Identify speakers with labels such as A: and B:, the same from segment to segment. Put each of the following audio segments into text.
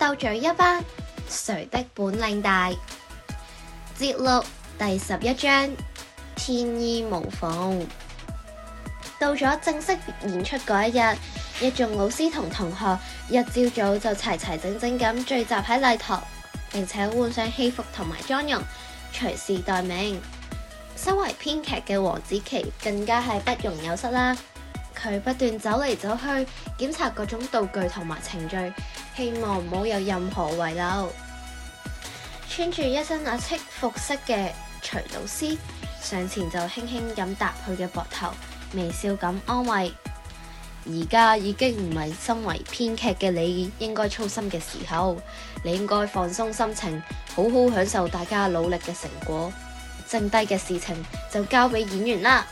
A: 鬥嘴一班，誰的本領大？節錄第十一章《天衣無縫》。到咗正式演出嗰一日，一眾老師同同學一朝早就齊齊整整咁聚集喺禮堂，並且換上戲服同埋妝容，隨時待命。身為編劇嘅王子琪更加係不容有失啦，佢不斷走嚟走去檢查各種道具同埋程序。希望唔好有任何遺漏。穿住一身阿戚服飾嘅徐老師上前就輕輕咁搭佢嘅膊頭，微笑咁安慰：而家已經唔係身為編劇嘅你應該操心嘅時候，你應該放鬆心情，好好享受大家努力嘅成果。剩低嘅事情就交俾演員啦。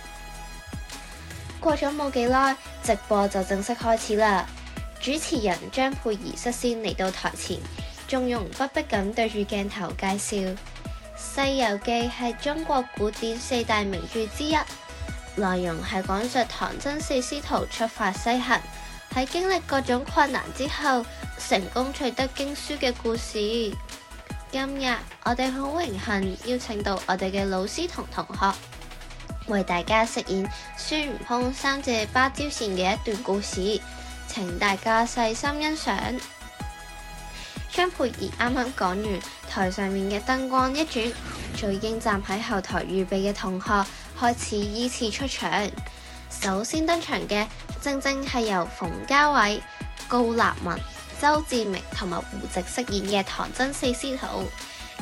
A: 過咗冇幾耐，直播就正式開始啦。主持人張佩儀率先嚟到台前，從容不迫咁對住鏡頭介紹《西遊記》係中國古典四大名著之一，內容係講述唐僧四師徒出發西行，喺經歷各種困難之後，成功取得經書嘅故事。今日我哋好榮幸邀請到我哋嘅老師同同學，為大家飾演孫悟空三借芭蕉扇嘅一段故事。請大家細心欣賞。張佩怡啱啱講完，台上面嘅燈光一轉，最已站喺後台預備嘅同學開始依次出場。首先登場嘅，正正係由馮家偉、高立文、周志明同埋胡直飾演嘅唐僧四師徒。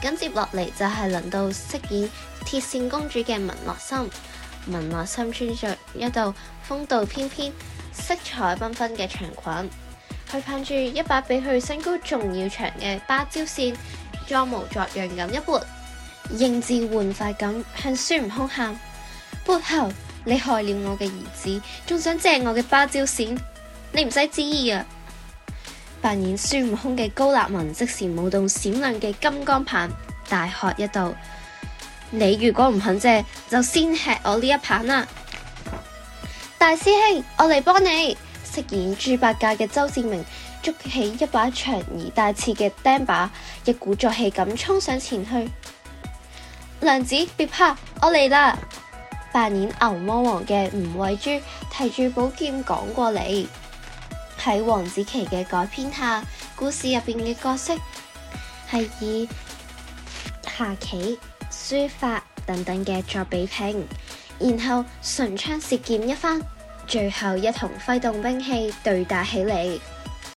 A: 咁接落嚟就係輪到飾演鐵扇公主嘅文樂心。文樂心穿着一套風度翩翩，色彩繽紛嘅長裙，佢捧住一把比佢身高仲要長嘅芭蕉扇，裝模作樣咁一撥，應字換快英姿煥發咁向孫悟空喊：潑猴，你害了我嘅兒子，仲想借我嘅芭蕉扇？你唔使旨意啊！扮演孫悟空嘅高立文即時舞動閃亮嘅金剛棒，大喝一道：你如果唔肯借，就先吃我呢一棒啦！大師兄，我嚟幫你。飾演豬八戒嘅周志明捉起一把長而帶刺嘅釘耙，一鼓作氣咁衝上前去。娘子別怕，我嚟啦！扮演牛魔王嘅吳慧珠提住寶劍趕過嚟。喺黃子琪嘅改編下，故事入邊嘅角色係以下棋、書法等等嘅作比拼，然後唇槍舌劍一番。最後一同揮動兵器對打起嚟。